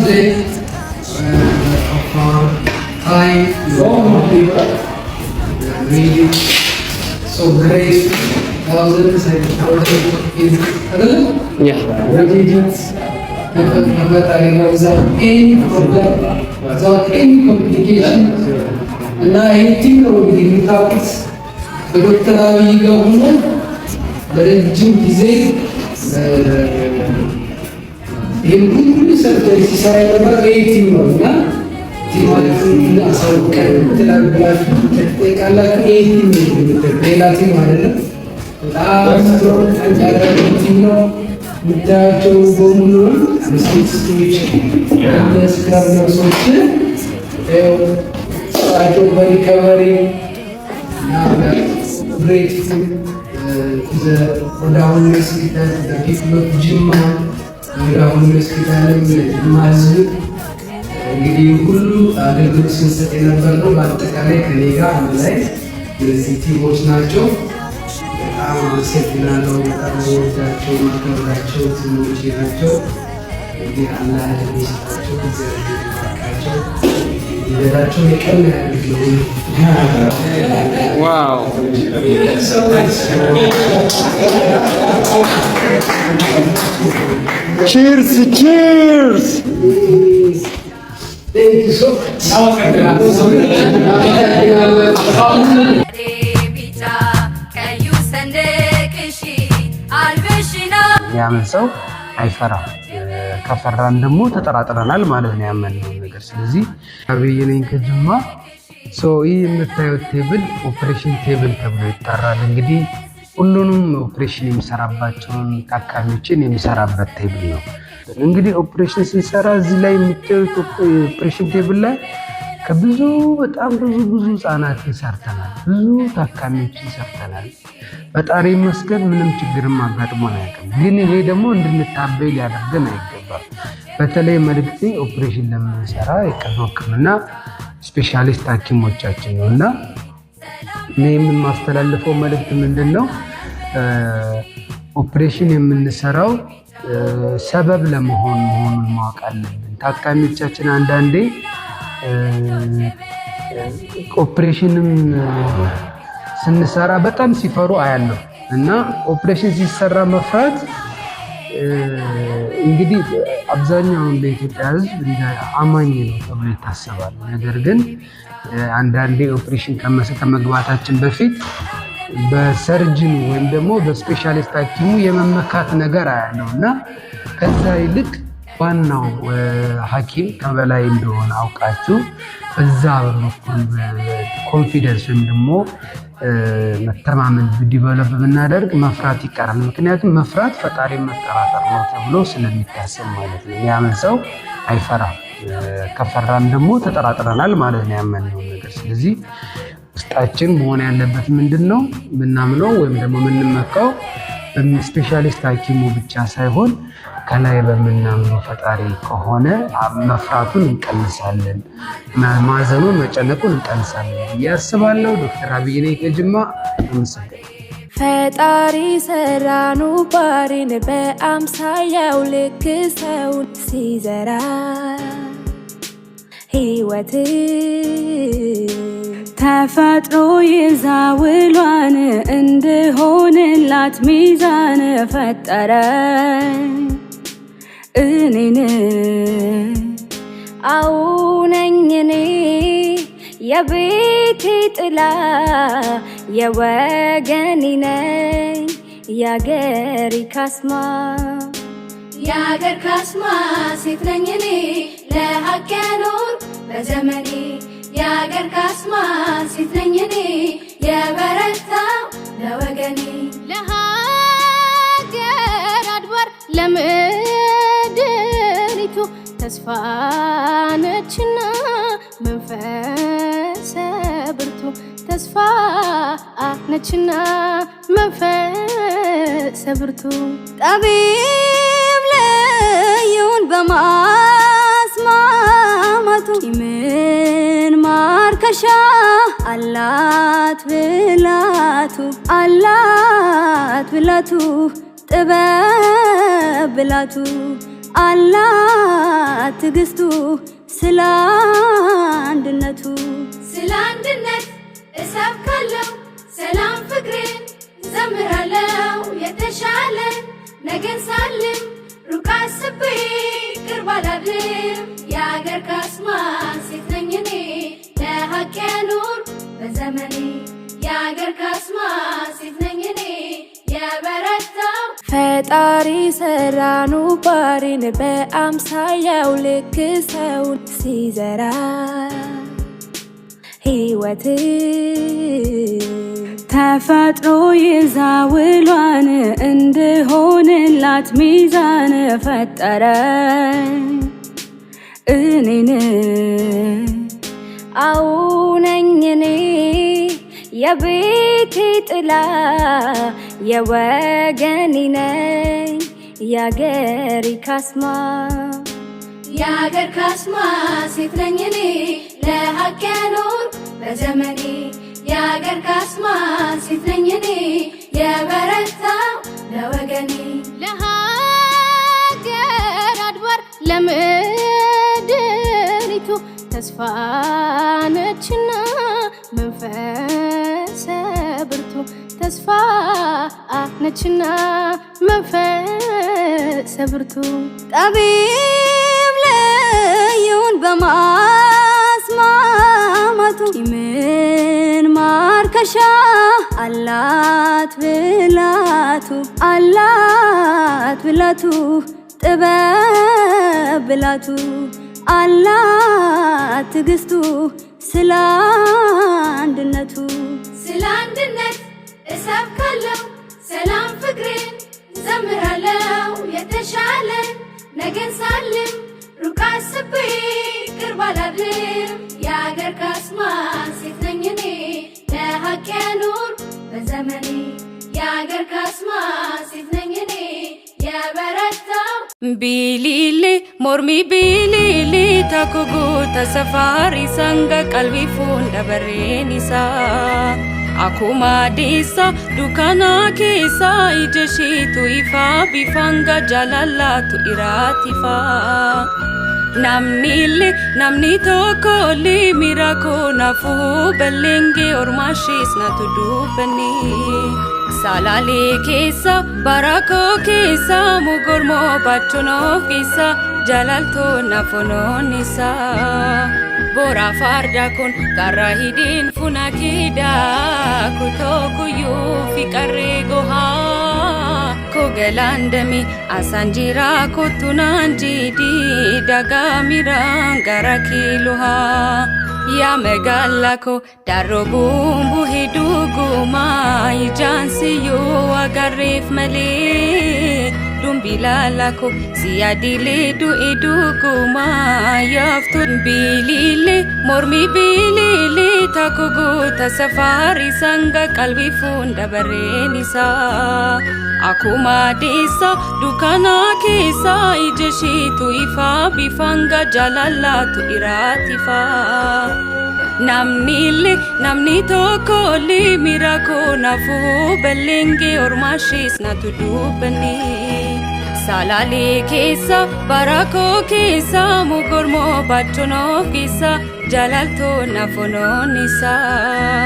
today of our time, Lord, we are really so grateful. Thousands and thousands in yeah. religions, people, no matter without any problem, without any complication. እና ይህን ነው እንግዲህ የምታውቁት በዶክተራዊ ገቡነ ለረጅም ጊዜ ይህን ሁሉ ሰርተሪ ሲሰራ የነበረ ቲም ነው ቲማቲም አሳውቀን ትላላችሁ ትጠይቃላችሁ። ይህ ሌላ ቲም አይደለም። በጣም ጠንካራ ቲም ነው። ምታያቸው በሙሉ ምስቶች ስክራብ ነርሶች ስራቸው በሪከቨሪ ግሬትፉል ወደ አሁን ስግዳት ጅማ አሁን መስኪታንም ማዝብ እንግዲህ ሁሉ አገልግሎት ስንሰጥ የነበር ነው። በአጠቃላይ ከኔ ጋር አንድ ላይ እነዚህ ቲሞች ናቸው። በጣም አመሰግናለሁ። በጣም ወዳቸው ማከብራቸው ቲሞች ናቸው። እንግዲህ አላህ ለሚሰጣቸው ጊዜ ባቃቸው ቺርስ ቺርስ! ያምን ሰው አይፈራም። ከፈራን ደግሞ ተጠራጥረናል ማለት ነው ያመንነው ነገር ስለዚህ አብይ ነኝ ከጅማ። ይህ የምታዩት ቴብል ኦፕሬሽን ቴብል ተብሎ ይጠራል። እንግዲህ ሁሉንም ኦፕሬሽን የሚሰራባቸውን ታካሚዎችን የሚሰራበት ቴብል ነው። እንግዲህ ኦፕሬሽን ስንሰራ እዚህ ላይ የምታዩት ኦፕሬሽን ቴብል ላይ ከብዙ በጣም ብዙ ብዙ ህጻናትን ሰርተናል። ብዙ ታካሚዎችን ሰርተናል። ፈጣሪ ይመስገን ምንም ችግርም አጋጥሞን አያውቅም። ግን ይሄ ደግሞ እንድንታበይ ሊያደርገን አይገባም። በተለይ መልእክቴ ኦፕሬሽን ለምንሰራ የቀዶ ሕክምና ስፔሻሊስት ሐኪሞቻችን ነው እና እኔ የማስተላልፈው መልእክት ምንድን ነው? ኦፕሬሽን የምንሰራው ሰበብ ለመሆን መሆኑን ማወቅ አለብን። ታካሚዎቻችን አንዳንዴ ኦፕሬሽንም ስንሰራ በጣም ሲፈሩ አያለሁ እና ኦፕሬሽን ሲሰራ መፍራት እንግዲህ አብዛኛውን በኢትዮጵያ ሕዝብ አማኝ ነው ተብሎ ይታሰባል። ነገር ግን አንዳንዴ ኦፕሬሽን ከመግባታችን በፊት በሰርጅኑ ወይም ደግሞ በስፔሻሊስት ሐኪሙ የመመካት ነገር አያለው እና ከዛ ይልቅ ዋናው ሐኪም ከበላይ እንደሆነ አውቃችሁ እዛ በኩል ኮንፊደንስ ወይም ደግሞ መተማመን ዲቨሎፕ ብናደርግ መፍራት ይቀራል። ምክንያቱም መፍራት ፈጣሪ መጠራጠር ነው ተብሎ ስለሚታሰብ ማለት ነው። ያምን ሰው አይፈራም። ከፈራም ደግሞ ተጠራጥረናል ማለት ነው ያመንነው ነገር። ስለዚህ ውስጣችን መሆን ያለበት ምንድን ነው? ምናምነው ወይም ደግሞ የምንመካው ስፔሻሊስት ሐኪሙ ብቻ ሳይሆን ከላይ በምናምኑ ፈጣሪ ከሆነ መፍራቱን እንቀንሳለን፣ ማዘኑን መጨነቁን እንቀንሳለን እያስባለው ዶክተር አብይ ነኝ ከጅማ አመሰግናለሁ። ፈጣሪ ሰራኑ ባሪን በአምሳያው ልክ ሰውን ሲዘራ ህይወት ተፈጥሮ ይዛ ውሏን እንድሆንላት ሚዛን ፈጠረ እኔን አውነኝኔ የቤቴ ጥላ የወገኔ ነኝ የአገሬ ካስማ የአገር ካስማ ሴት ነኝ እኔ ለሀቅ ያኖር በዘመኔ የአገር ካስማ ሴት ነኝ እኔ የበረታው ለወገኔ ለሀገር አድባር ለምድሪቱ ተስፋ ነችና መንፈሰ ብርቱ ተስፋ ነችና መንፈሰ ብርቱ ጠቢብ ለዩን በማስማ አባቱ ምን ማርከሻ አላት ብላቱ አላት ብላቱ ጥበብ ብላቱ አላት ትግስቱ ስለ በአምሳያው ልክ ሰውን ሲዘራ ህይወት ተፈጥሮ ይዛውሏን እንድሆንላት ሚዛን ፈጠረ እኔን አውነኝኔ የቤቴ ጥላ የወገኔ ነኝ የአገር ካስማ የአገር ካስማ ሴት ነኝ እኔ ለሀቅ ያኖር በዘመኔ የአገር ካስማ ሴት ነኝ እኔ የበረታው ለወገኔ ለሀገር አድባር ለምድሪቱ ተስፋ ነችና መንፈሰ ብርቱ ተስፋ ነችና መንፈስ ሰብርቶ ጠቢብ ለዩን በማስማማቱ ምን ማርከሻ አላት ብላቱ አላት ብላቱ ጥበብ ብላቱ አላት ትግስቱ ስለ አንድነቱ ስለ አንድነት እሰብከ የተሻለ ነገን ሳልም ሩቅ አስቤ ቅርብ አላድርም። የአገር ካስማ ሴት ነኝ እኔ ለሀቅ ያኑር በዘመኔ የአገር ካስማ ሴት ነኝ እኔ ቢሊሊ ሞርሚ ቢሊሊ ታኩጉ ተሰፋሪ ሰንገ ቀልቢ ፉንደ Akkuma deessa dukana keessa ija isheetu ifa bifaan jaalalaatu irraatifa. Namni illee namni tokko illee miira koonafuu balleengee ormaa ishees natu dubbannee. Salaalee keessa barakoo keessa mogormoo baachuun of keessa jaalaltoon afoonoon isaa. ቦራ ፋርዳኮን ጋራ ሂዲን ፉናኪዳኩ ቶኩዩ ፊቀሬ ጎሃ ኮገላንደሚ አሳንጂራ ኮቱናንጂዲ ዳጋሚራን ጋራ ኪሉሃ ያመጋላኮ ዳሮ ጉምቡ ሂዱ ጉማ ይጃንስዩ አጋሬፍ መሌ dumbi laalako siyaadilee du'e duugumaa yaaftuun biliilee mormi biliilee takko goota safaari sanga qalbii fuunda barreen isaa akkuma deessa dukkana keessa ija isheetu ifaa bifanga jaalalaatu iraatifaa. namnille namni tokkolli mira koonaafuu balleengee ormaashees na tudduubanne. Salaalii keessa barakoo keessa mugormoo baachuun of keessa jaalaltoon afunoon isaa.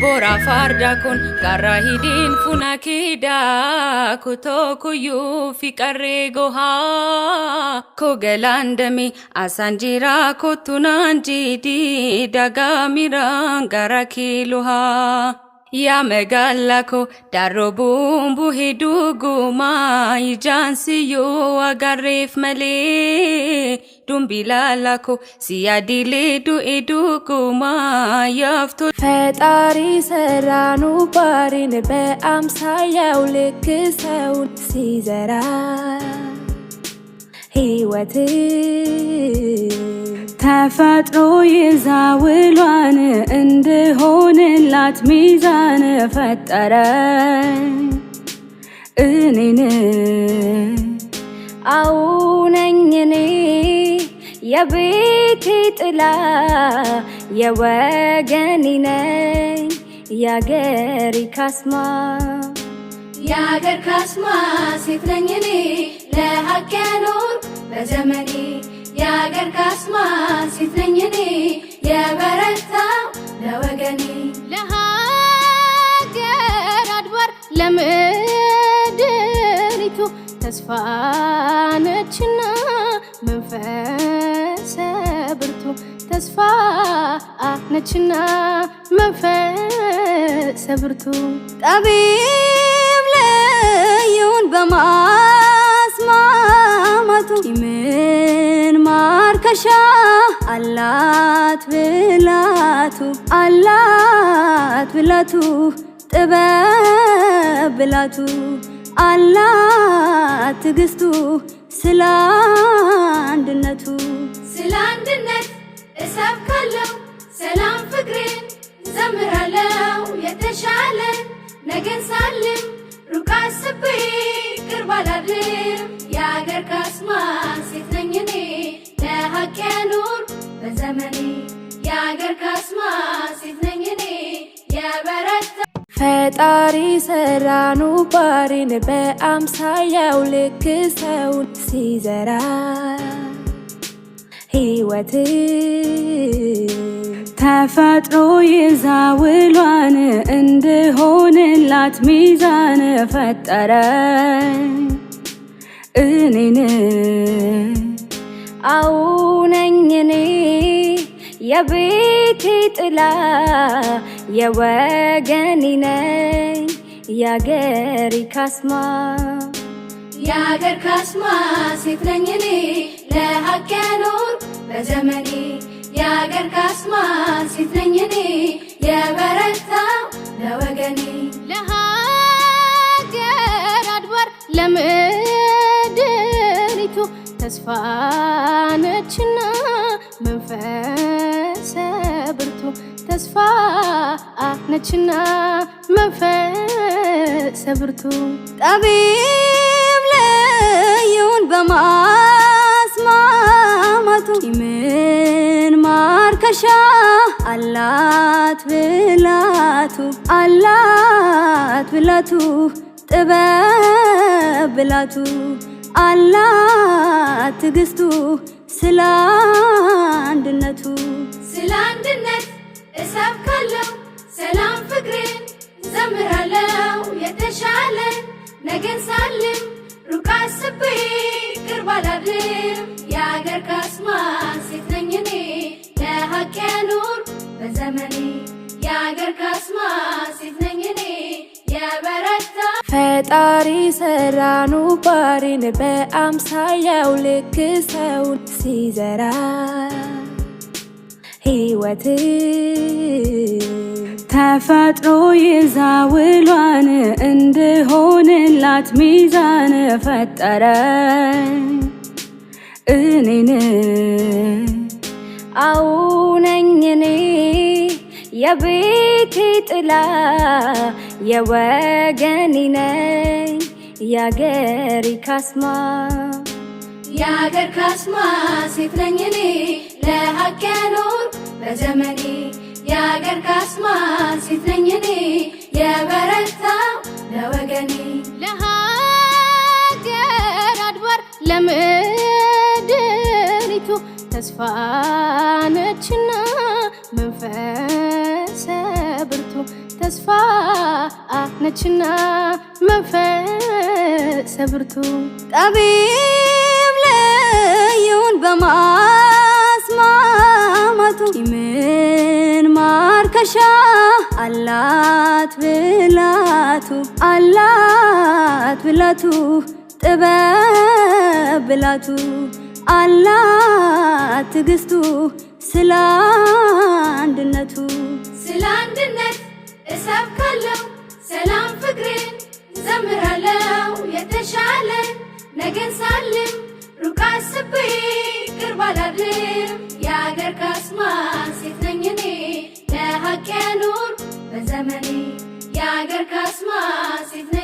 Boora farda kun karra hidhiin funa kidaa kutoo kuyyuu fi qarree gohaa. Koo galaan damee asaan jira kottunaan jiidii dagamiraan gara kiiluhaa. yaa magaalaa koo darrobuun buhiduu guumaa ijaan siyyoo agarreef malee dumbi laalaa koo siyaa dilee du'e duugumaa yaaftu ፈጣሪ ሰራኑ ባሪን በአምሳያው ልክ ሰውን ሲዘራ ህይወት ተፈጥሮ የዛውሏን እንድሆንላት ሚዛን ፈጠረ እኔን አውነኝኔ የቤቴ ጥላ የወገኔ ነኝ የአገሬ ካስማ የአገር ካስማ ለሀቅ ያኖር በዘመኔ የአገር ካስማ ሴት ነኝ እኔ የበረታው ለወገኔ ለሀገር አድባር ለምድሪቱ ተስፋ ነችና መንፈሰ ብርቱ ተስፋ ነችና መንፈሰ ብርቱ ጠቢብ ለይሁን በማ አባቱ ምን ማርከሻ አላት ብላቱ አላት ብላቱ ጥበብ ብላቱ አላት ትግስቱ ስለ አንድነቱ ስለ አንድነት እሰብካለው ሰላም ፍቅሬን ዘምራለው የተሻለ ነገን ሳልም ሩቃ ምስክር ባላድርም የአገር ካስማ ሴት ነኝ እኔ ለሀቅ ያኑር በዘመኔ የአገር ካስማ ሴት ነኝ እኔ የበረታ ፈጣሪ ሰራኑ ባሪን በአምሳያው ልክ ሰውን ሲዘራ ሕይወት ተፈጥሮ ይዛውሏን እንድሆንላት ሚዛን ፈጠረ እኔን አውነኝኔ የቤቴ ጥላ የወገኔ ነኝ ያገሪ ካስማ ያገር ካስማ ሴት ነኝኔ ለሀቅ ያኖር በዘመኔ የአገር ካስማ ሴት እኔ የበረታው ለወገኔ ለሀገር አድባር ለምድሪቱ ተስፋ ነችና መንፈሰ ብርቱ ተስፋ ነችና መንፈሰ ብርቱ ጠቢብ ለየውን በማስማማቱ ማርከሻ አላት ብላቱ አላት ብላቱ ጥበብ ብላቱ አላት ትግስቱ ስለ አንድነቱ ስለ አንድነት እሰብካለው ሰላም ፍቅርን ዘምራለው የተሻለ ነገን ሳልም ሩቃ ስቤ ቅርባላድም የአገር ካስማ ሴት ያኖር በዘመኔ የአገር ካስማ ሴት ነኝ እኔ የበረታ ፈጣሪ ሰራኑ ባሪን በአምሳያው ልክ ሰውን ሲዘራ ሕይወት ተፈጥሮ የዛውሏን እንድሆንላት ሚዛን ፈጠረ እኔን አውነኝኔ የቤቴ ጥላ የወገኔ ነኝ የአገሪ ካስማ የአገር ካስማ ሴት ነኝ እኔ ለሀቅ ያኖርኩ በዘመኔ የአገር ካስማ ሴት ነኝ የበረታው ለወገኔ ለሀገር አድባር ለምን ተስፋ ነችና መንፈሰ ብርቱ ተስፋ ነችና መንፈሰ ብርቱ ጠቢብ ለዩን በማስማማቱ ምን ማርከሻ አላት ብላቱ አላት ብላቱ ጥበብ ብላቱ አላት ትዕግስቱ ስለ አንድነቱ ስለ አንድነት እሰብካለሁ ሰላም ፍቅሬን ዘምራለው የተሻለ ነገን ሳልም ሩቅ አስቤ ቅርብ አላድርም የአገር ካስማ ሴት ነኝ እኔ ለሀቅ በዘመኔ የአገር ካስማ ሴት